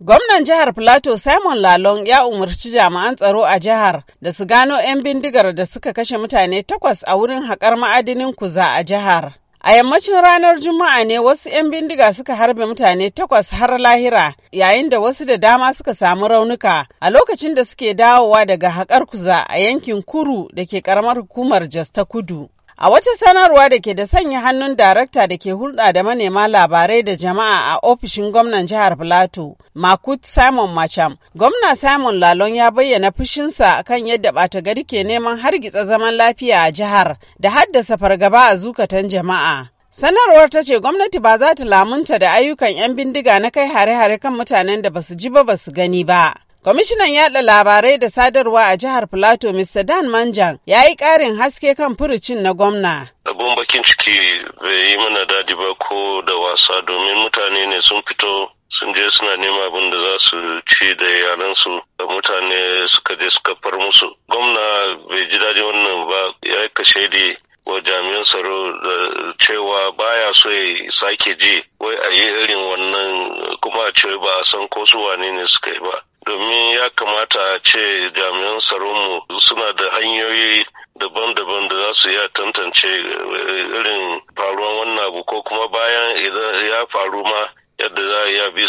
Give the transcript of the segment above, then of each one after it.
Gwamnan jihar Filato Simon Lalong ya umarci jami'an tsaro a jihar da su gano 'yan bindigar da suka kashe mutane takwas a wurin haƙar ma'adinin kuza a jihar. A yammacin ranar Juma'a ne wasu 'yan bindiga suka harbe mutane takwas har lahira yayin da wasu da dama suka samu raunuka a lokacin da suke dawowa daga haƙar kuza a yankin Kuru da ke ƙaramar hukumar Jos ta Kudu. A wata sanarwa da ke da sanya hannun darakta da ke hulɗa da manema labarai da jama'a a ofishin gwamnan jihar Filato, Makut Simon Macham, gwamna Simon Lalon ya bayyana fushinsa kan yadda ɓata gari ke neman hargitsa zaman lafiya a jihar da haddasa fargaba a zukatan jama'a. Sanarwar ta ce gwamnati ba za ta lamunta da ayyukan 'yan bindiga na kai hare-hare kan mutanen da ba su ji ba su gani ba. Kwamishinan yaɗa labarai da sadarwa a jihar Filato Mr. Dan Manjan ya yi ƙarin haske kan furucin na gwamna. Abun bakin ciki bai yi mana dadi ba ko da wasa domin mutane ne sun fito sun je suna nema abin da za su ci da yaransu da mutane suka je suka far musu. Gwamna bai ji dadi wannan ba ya kashe da wa jami'an tsaro da cewa baya so ya sake je wai a yi irin wannan kuma a ce ba a san ko su wane ne suka yi ba. domin ya kamata a ce jami'an tsaronmu suna da hanyoyi daban-daban da za su iya tantance eh, irin faruwan wannan abu ko kuma bayan idan ya faru ma yadda za a iya bi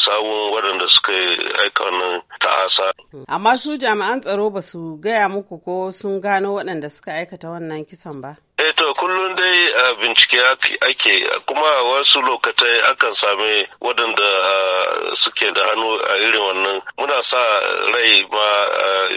sawun waɗanda suka aika wannan ta'asa. Amma su jami'an tsaro ba su gaya muku ko sun gano waɗanda suka aikata wannan kisan ba? to kullum dai bincike ake kuma wasu lokatai akan sami waɗanda suke da hannu a irin wannan muna sa rai ma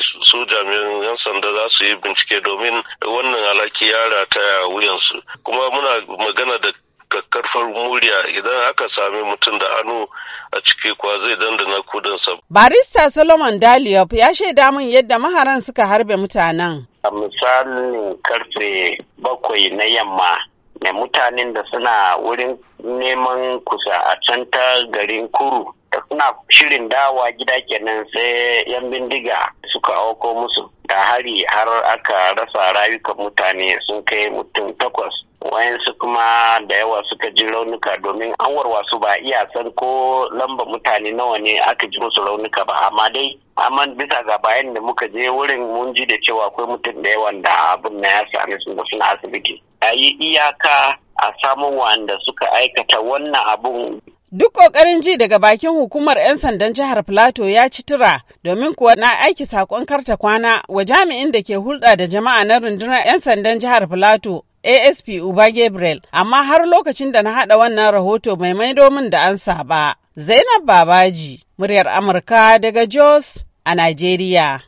su jami'an 'yan sanda za su yi bincike domin wannan alaki ya ta wuyansu kuma muna magana da kakkarfar murya idan aka sami mutum da hannu a ciki kwa zai dandana kudinsa Barista Solomon Daliop ya shaida min yadda maharan suka harbe mutanen. a misalin karfe bakwai na yamma da mutanen da suna wurin neman kusa a can ta garin kuru da suna shirin dawa gida kenan sai yan bindiga suka auko musu da hari har aka rasa rayukan mutane sun kai mutum takwas wayansu kuma da yawa suka ji raunuka domin an warwasu ba iya san ko lamba mutane nawa ne aka ji musu raunuka ba amma dai amma bisa ga bayan da muka je wurin mun ji da cewa akwai mutum da yawan da abin na ya sami su da suna asibiti a yi iyaka a samun wanda suka aikata wannan abun Duk ƙoƙarin ji daga bakin hukumar 'yan sandan jihar Filato ya ci tura domin kuwa na aiki sakon karta kwana wa jami'in da ke hulɗa da jama'a na rundunar 'yan sandan jihar Filato asp uba gabriel amma har lokacin da na haɗa wannan rahoto mai maido min da an saba zainab babaji muryar amurka daga jos a najeriya